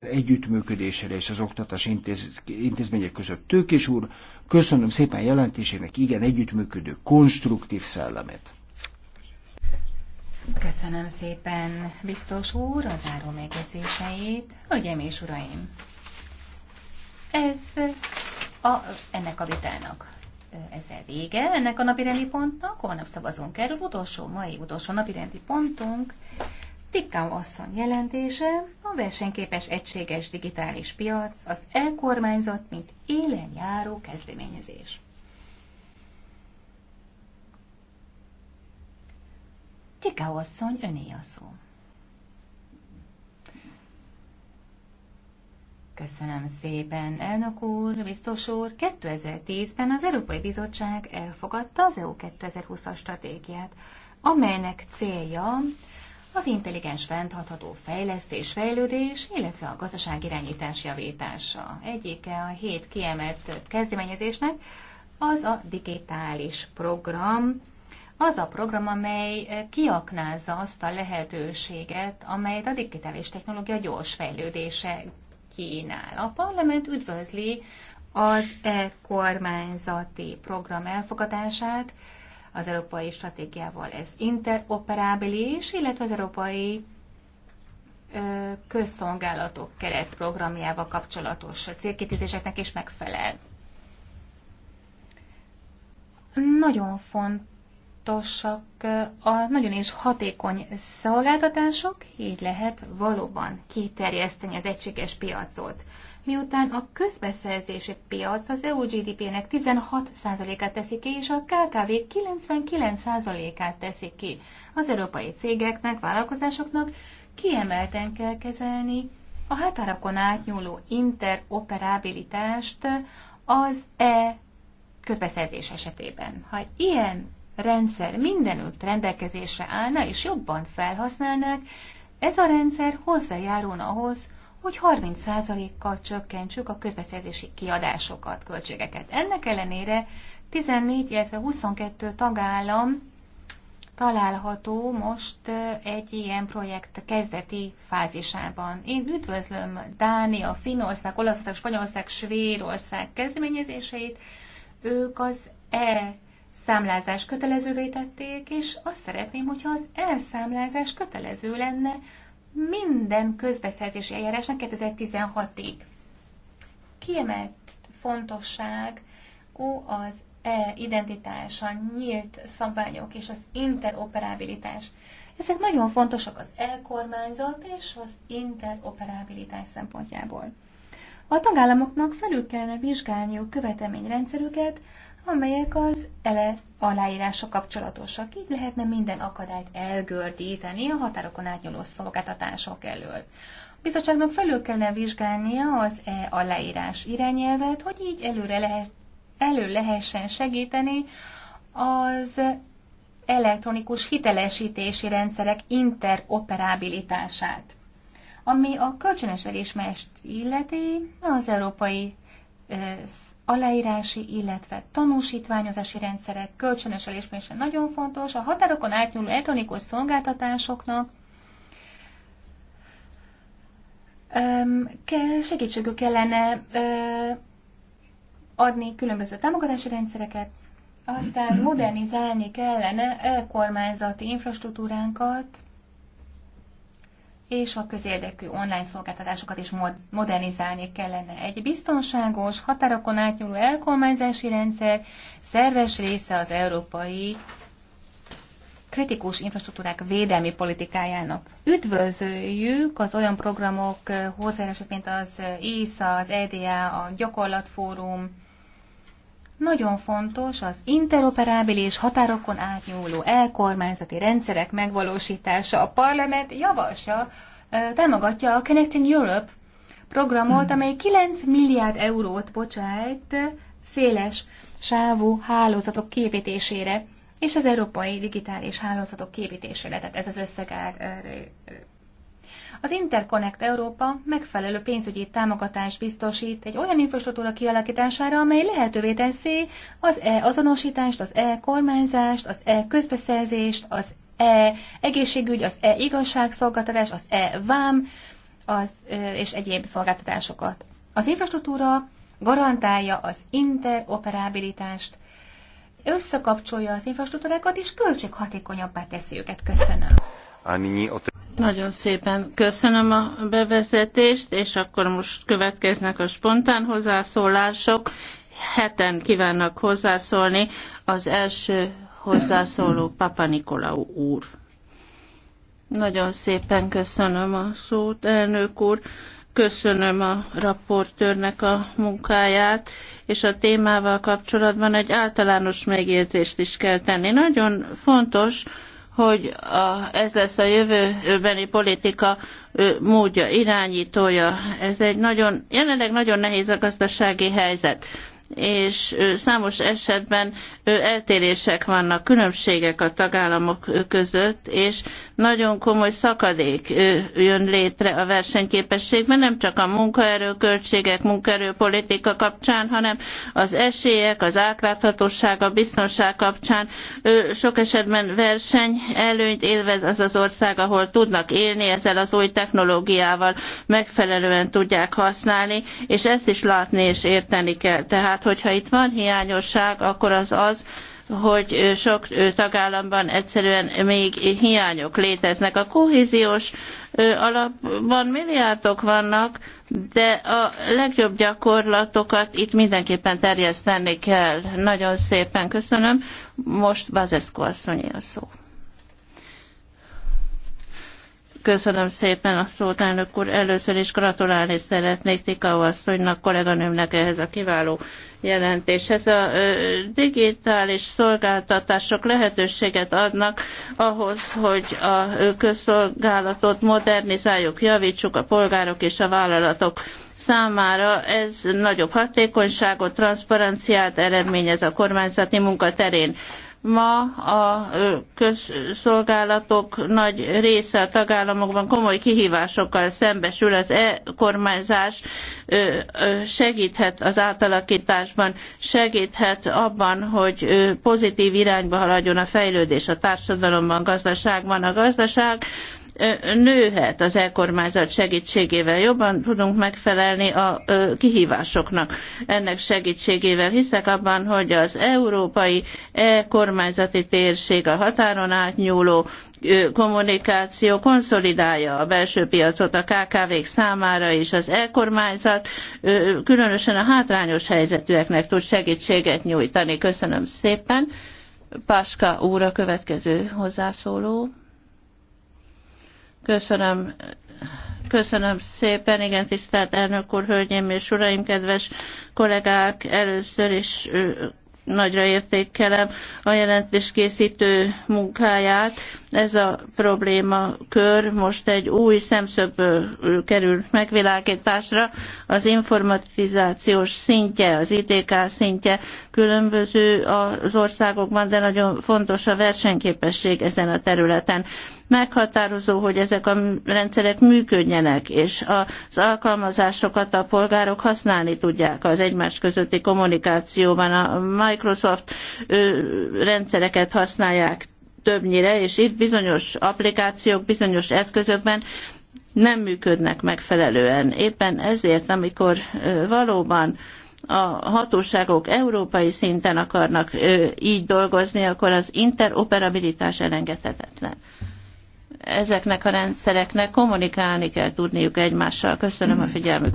együttműködésére és az oktatás intéz, intézmények között. Tőkés úr, köszönöm szépen jelentésének igen együttműködő, konstruktív szellemet. Köszönöm szépen, biztos úr, az záró megjegyzéseit. Hölgyeim és uraim, ez a, ennek a vitának ezzel vége, ennek a napirendi pontnak, holnap szavazunk erről, utolsó, mai utolsó napirendi pontunk, Tikkau asszony jelentése, a versenyképes egységes digitális piac, az elkormányzat, mint élen járó kezdeményezés. Tikkau asszony, öné a szó. Köszönöm szépen, elnök úr, biztos úr. 2010-ben az Európai Bizottság elfogadta az EU 2020-as stratégiát, amelynek célja az intelligens fenntartható fejlesztés, fejlődés, illetve a irányítás javítása. Egyike a hét kiemelt kezdeményezésnek az a digitális program, az a program, amely kiaknázza azt a lehetőséget, amelyet a digitális technológia gyors fejlődése kínál. A parlament üdvözli az e-kormányzati program elfogadását, az európai stratégiával. Ez interoperábilis, illetve az európai közszolgálatok keretprogramjával kapcsolatos célkitűzéseknek is megfelel. Nagyon fontosak a nagyon is hatékony szolgáltatások, így lehet valóban kiterjeszteni az egységes piacot miután a közbeszerzési piac az EU GDP-nek 16%-át teszi ki, és a KKV 99%-át teszi ki. Az európai cégeknek, vállalkozásoknak kiemelten kell kezelni a határokon átnyúló interoperabilitást az E közbeszerzés esetében. Ha egy ilyen rendszer mindenütt rendelkezésre állna és jobban felhasználnák, ez a rendszer hozzájárulna ahhoz, hogy 30%-kal csökkentsük a közbeszerzési kiadásokat, költségeket. Ennek ellenére 14, illetve 22 tagállam található most egy ilyen projekt kezdeti fázisában. Én üdvözlöm Dánia, Finnország, Olaszország, Spanyolország, Svédország kezdeményezéseit. Ők az E számlázás kötelezővé tették, és azt szeretném, hogyha az elszámlázás kötelező lenne minden közbeszerzési eljárásnak 2016-ig. Kiemelt fontosság ó az e identitás, a nyílt szabványok és az interoperabilitás. Ezek nagyon fontosak az elkormányzat és az interoperabilitás szempontjából. A tagállamoknak felül kellene vizsgálniuk követelményrendszerüket, amelyek az ele aláírása kapcsolatosak. Így lehetne minden akadályt elgördíteni a határokon átnyúló szolgáltatások elől. A bizottságnak felül kellene vizsgálnia az e aláírás irányelvet, hogy így előre lehet, elő lehessen segíteni az elektronikus hitelesítési rendszerek interoperabilitását. Ami a kölcsönös elismerést illeti, az európai aláírási, illetve tanúsítványozási rendszerek kölcsönös elismerése nagyon fontos. A határokon átnyúló elektronikus szolgáltatásoknak kell, segítségük kellene adni különböző támogatási rendszereket, aztán modernizálni kellene kormányzati infrastruktúránkat, és a közérdekű online szolgáltatásokat is modernizálni kellene. Egy biztonságos, határokon átnyúló elkormányzási rendszer szerves része az európai kritikus infrastruktúrák védelmi politikájának. Üdvözöljük az olyan programok eh, hozzájárását, mint az eh, ISA, az EDA, a Gyakorlatfórum, nagyon fontos az interoperábilis határokon átnyúló elkormányzati rendszerek megvalósítása. A parlament javasa, támogatja a Connecting Europe programot, amely 9 milliárd eurót bocsájt széles sávú hálózatok képítésére és az európai digitális hálózatok képítésére. Tehát ez az összeg az Interconnect Európa megfelelő pénzügyi támogatást biztosít egy olyan infrastruktúra kialakítására, amely lehetővé teszi az e-azonosítást, az e-kormányzást, az e-közbeszerzést, az e-egészségügy, az e-igazságszolgáltatás, az e-vám az, és egyéb szolgáltatásokat. Az infrastruktúra garantálja az interoperabilitást, összekapcsolja az infrastruktúrákat, és költséghatékonyabbá teszi őket. Köszönöm. Nagyon szépen köszönöm a bevezetést, és akkor most következnek a spontán hozzászólások. Heten kívánnak hozzászólni. Az első hozzászóló Papa Nikolau úr. Nagyon szépen köszönöm a szót, elnök úr. Köszönöm a raportőrnek a munkáját, és a témával kapcsolatban egy általános megjegyzést is kell tenni. Nagyon fontos, hogy a, ez lesz a jövőbeni politika módja, irányítója. Ez egy nagyon, jelenleg nagyon nehéz a gazdasági helyzet és számos esetben eltérések vannak, különbségek a tagállamok között, és nagyon komoly szakadék jön létre a versenyképességben, nem csak a munkaerőköltségek, munkaerőpolitika kapcsán, hanem az esélyek, az átláthatóság, a biztonság kapcsán sok esetben verseny előnyt élvez az az ország, ahol tudnak élni ezzel az új technológiával, megfelelően tudják használni, és ezt is látni és érteni kell. Tehát tehát, hogyha itt van hiányosság, akkor az az, hogy sok tagállamban egyszerűen még hiányok léteznek. A kohéziós alapban milliárdok vannak, de a legjobb gyakorlatokat itt mindenképpen terjeszteni kell. Nagyon szépen köszönöm. Most Bazeszko asszonyé a szó. Köszönöm szépen a szót, elnök úr. Először is gratulálni szeretnék Tika asszonynak, kolléganőmnek ehhez a kiváló jelentéshez. A digitális szolgáltatások lehetőséget adnak ahhoz, hogy a közszolgálatot modernizáljuk, javítsuk a polgárok és a vállalatok számára ez nagyobb hatékonyságot, transzparenciát eredményez a kormányzati munka terén. Ma a közszolgálatok nagy része a tagállamokban komoly kihívásokkal szembesül. Az e-kormányzás segíthet az átalakításban, segíthet abban, hogy pozitív irányba haladjon a fejlődés a társadalomban, gazdaságban. A gazdaság nőhet az elkormányzat segítségével. Jobban tudunk megfelelni a kihívásoknak ennek segítségével. Hiszek abban, hogy az európai e-kormányzati térség a határon átnyúló kommunikáció konszolidálja a belső piacot a KKV-k számára is. Az e-kormányzat különösen a hátrányos helyzetűeknek tud segítséget nyújtani. Köszönöm szépen. Páska úr a következő hozzászóló. Köszönöm. Köszönöm szépen, igen, tisztelt elnök úr, hölgyeim és uraim, kedves kollégák, először is nagyra értékelem a jelentéskészítő munkáját. Ez a probléma kör most egy új szemszögből kerül megvilágításra. Az informatizációs szintje, az ITK szintje különböző az országokban, de nagyon fontos a versenyképesség ezen a területen meghatározó, hogy ezek a rendszerek működjenek, és az alkalmazásokat a polgárok használni tudják az egymás közötti kommunikációban. A Microsoft rendszereket használják többnyire, és itt bizonyos applikációk, bizonyos eszközökben nem működnek megfelelően. Éppen ezért, amikor valóban a hatóságok európai szinten akarnak így dolgozni, akkor az interoperabilitás elengedhetetlen. Ezeknek a rendszereknek kommunikálni kell tudniuk egymással. Köszönöm a figyelmet.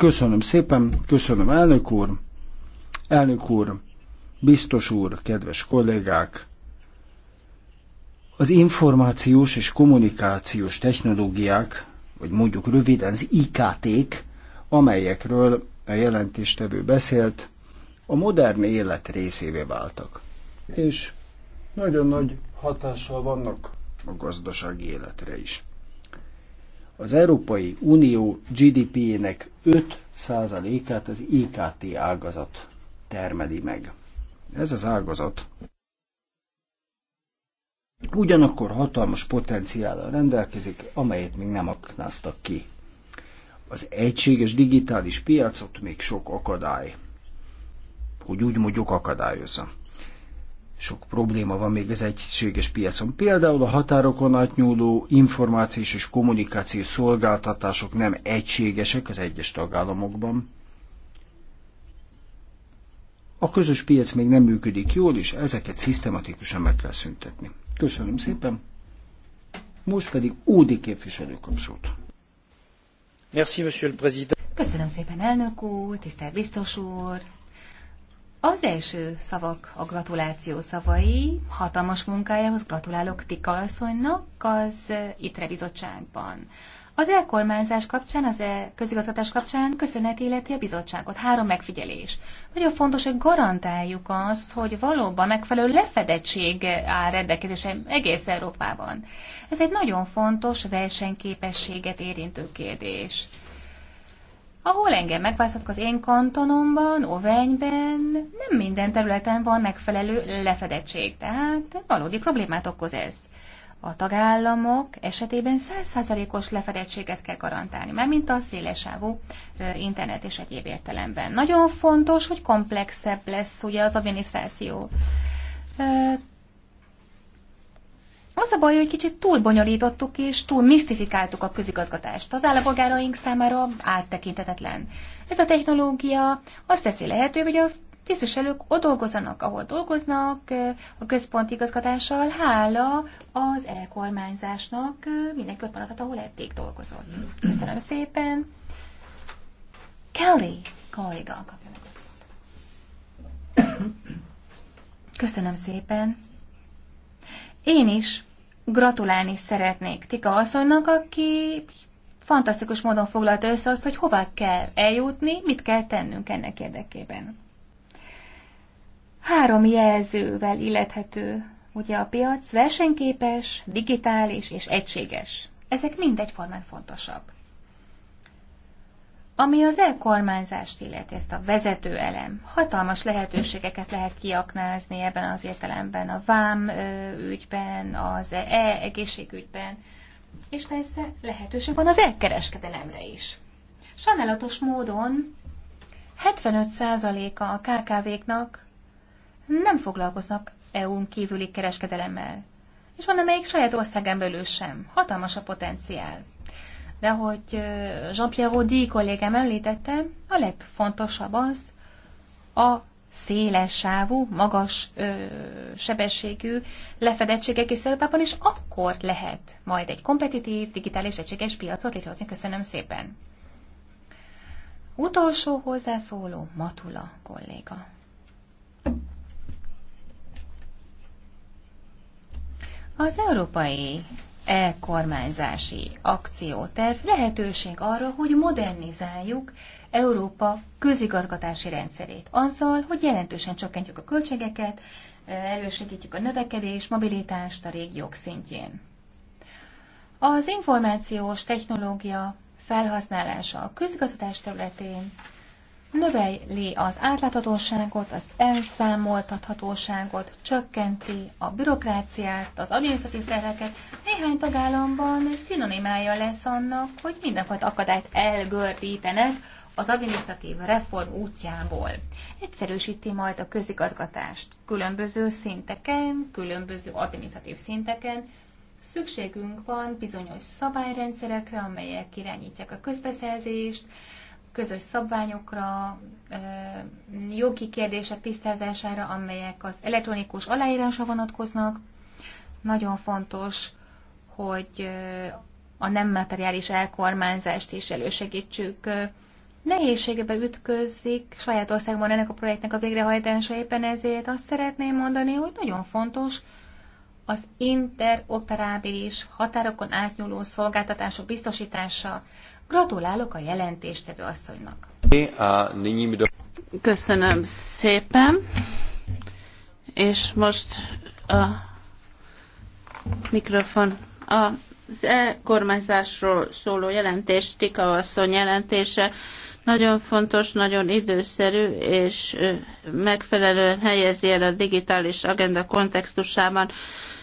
Köszönöm szépen, köszönöm elnök úr, elnök úr, biztos úr, kedves kollégák, az információs és kommunikációs technológiák, vagy mondjuk röviden az IKT-k, amelyekről a jelentéstevő beszélt, a modern élet részévé váltak. És nagyon nagy hatással vannak a gazdasági életre is. Az Európai Unió GDP-ének 5%-át az IKT ágazat termeli meg. Ez az ágazat ugyanakkor hatalmas potenciállal rendelkezik, amelyet még nem aknáztak ki. Az egységes digitális piacot még sok akadály, hogy úgy mondjuk akadályozza sok probléma van még az egységes piacon. Például a határokon átnyúló információs és kommunikációs szolgáltatások nem egységesek az egyes tagállamokban. A közös piac még nem működik jól, és ezeket szisztematikusan meg kell szüntetni. Köszönöm szépen. Most pedig Údi képviselő kap szót. Merci, monsieur le président. Köszönöm szépen, elnök úr, tisztelt biztos úr, az első szavak a gratuláció szavai. Hatalmas munkájához gratulálok Tika asszonynak az eh, ITRE bizottságban. Az elkormányzás kapcsán, az e közigazgatás kapcsán köszönet életi a bizottságot. Három megfigyelés. Nagyon fontos, hogy garantáljuk azt, hogy valóban megfelelő lefedettség áll rendelkezésre egész Európában. Ez egy nagyon fontos versenyképességet érintő kérdés ahol engem megváztatnak az én kantonomban, Ovenyben, nem minden területen van megfelelő lefedettség, tehát valódi problémát okoz ez. A tagállamok esetében 100%-os lefedettséget kell garantálni, már mint a szélesávú internet és egyéb értelemben. Nagyon fontos, hogy komplexebb lesz ugye az adminisztráció. Az a baj, hogy kicsit túl bonyolítottuk és túl misztifikáltuk a közigazgatást. Az állapolgáraink számára áttekintetetlen. Ez a technológia azt teszi lehető, hogy a tisztviselők ott dolgozzanak, ahol dolgoznak, a központi igazgatással, hála az elkormányzásnak mindenki ott maradhat, ahol eddig dolgozott. Köszönöm szépen. Kelly kolléga kapja meg a Köszönöm szépen. Én is gratulálni szeretnék Tika asszonynak, aki fantasztikus módon foglalta össze azt, hogy hova kell eljutni, mit kell tennünk ennek érdekében. Három jelzővel illethető ugye a piac versenyképes, digitális és egységes. Ezek mind egyformán fontosak. Ami az elkormányzást illeti, ezt a vezető elem, hatalmas lehetőségeket lehet kiaknázni ebben az értelemben, a vám ügyben, az e egészségügyben, és persze lehetőség van az elkereskedelemre is. Sajnálatos módon 75%-a a, a kkv knak nem foglalkoznak EU-n kívüli kereskedelemmel, és van, amelyik saját országán belül sem. Hatalmas a potenciál. De hogy Jean-Pierre Audi kollégám említette, a legfontosabb az a széles sávú, magas ö, sebességű lefedettségek és szerepában, és akkor lehet majd egy kompetitív, digitális, egységes piacot létrehozni. Köszönöm szépen! Utolsó hozzászóló Matula kolléga. Az európai elkormányzási akcióterv lehetőség arra, hogy modernizáljuk Európa közigazgatási rendszerét azzal, hogy jelentősen csökkentjük a költségeket, elősegítjük a növekedés, mobilitást a régiók szintjén. Az információs technológia felhasználása a közigazgatás területén növeli az átláthatóságot, az elszámoltathatóságot, csökkenti a bürokráciát, az adminisztratív terheket, néhány tagállamban szinonimája lesz annak, hogy mindenfajta akadályt elgördítenek az adminisztratív reform útjából. Egyszerűsíti majd a közigazgatást különböző szinteken, különböző adminisztratív szinteken. Szükségünk van bizonyos szabályrendszerekre, amelyek irányítják a közbeszerzést, közös szabványokra, jogi kérdések tisztázására, amelyek az elektronikus aláírásra vonatkoznak. Nagyon fontos hogy a nem materiális elkormányzást is elősegítsük. Nehézségebe ütközzik saját országban ennek a projektnek a végrehajtása éppen ezért azt szeretném mondani, hogy nagyon fontos az interoperábilis határokon átnyúló szolgáltatások biztosítása. Gratulálok a jelentéstevő asszonynak. Köszönöm szépen, és most a mikrofon az e-kormányzásról szóló jelentés, Tika asszony jelentése nagyon fontos, nagyon időszerű, és megfelelően helyezi el a digitális agenda kontextusában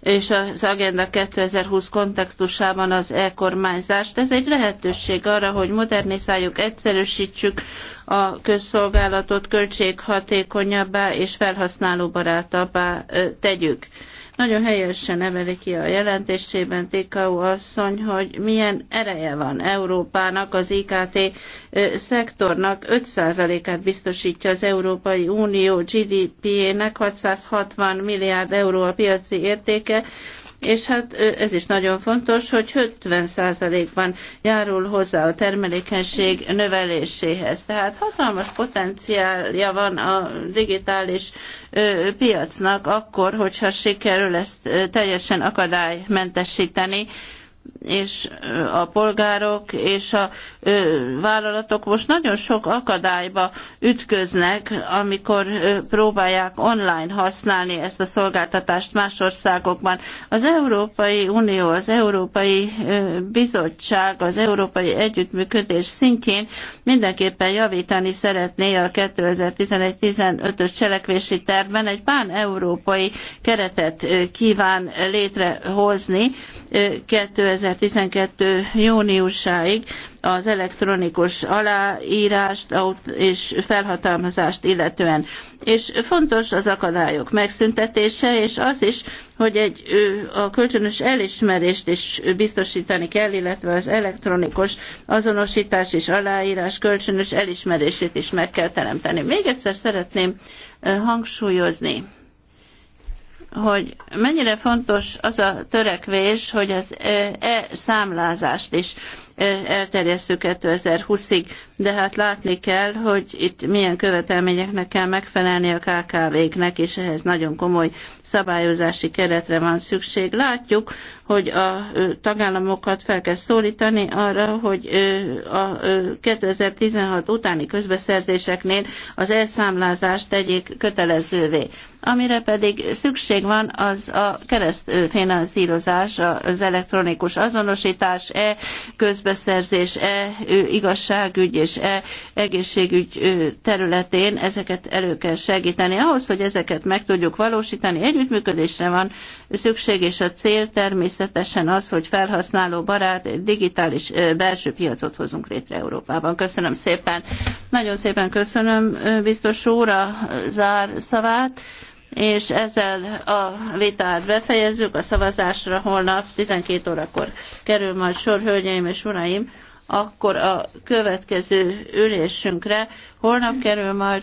és az Agenda 2020 kontextusában az e-kormányzást. Ez egy lehetőség arra, hogy modernizáljuk, egyszerűsítsük a közszolgálatot, költséghatékonyabbá és felhasználóbarátabbá tegyük. Nagyon helyesen emeli ki a jelentésében Tikau asszony, hogy milyen ereje van Európának, az IKT szektornak 5%-át biztosítja az Európai Unió GDP-ének, 660 milliárd euró a piaci értéke, és hát ez is nagyon fontos, hogy 50%-ban járul hozzá a termelékenység növeléséhez. Tehát hatalmas potenciálja van a digitális piacnak akkor, hogyha sikerül ezt teljesen akadálymentesíteni, és a polgárok és a vállalatok most nagyon sok akadályba ütköznek, amikor próbálják online használni ezt a szolgáltatást más országokban. Az Európai Unió, az Európai Bizottság, az Európai Együttműködés szintjén mindenképpen javítani szeretné a 2011-15-ös cselekvési tervben egy pán-európai keretet kíván létrehozni 2000 2012. júniusáig az elektronikus aláírást és felhatalmazást illetően. És fontos az akadályok megszüntetése, és az is, hogy egy, a kölcsönös elismerést is biztosítani kell, illetve az elektronikus azonosítás és aláírás kölcsönös elismerését is meg kell teremteni. Még egyszer szeretném hangsúlyozni, hogy mennyire fontos az a törekvés, hogy az e-számlázást is elterjesszük 2020-ig de hát látni kell, hogy itt milyen követelményeknek kell megfelelni a KKV-knek, és ehhez nagyon komoly szabályozási keretre van szükség. Látjuk, hogy a tagállamokat fel kell szólítani arra, hogy a 2016 utáni közbeszerzéseknél az elszámlázást tegyék kötelezővé. Amire pedig szükség van, az a keresztfinanszírozás, az elektronikus azonosítás, e-közbeszerzés, e-igazságügy és és e egészségügy területén ezeket elő kell segíteni. Ahhoz, hogy ezeket meg tudjuk valósítani, együttműködésre van szükség, és a cél természetesen az, hogy felhasználó barát digitális belső piacot hozunk létre Európában. Köszönöm szépen. Nagyon szépen köszönöm biztos úr a zár szavát és ezzel a vitát befejezzük, a szavazásra holnap 12 órakor kerül majd sor, hölgyeim és uraim akkor a következő ülésünkre holnap kerül majd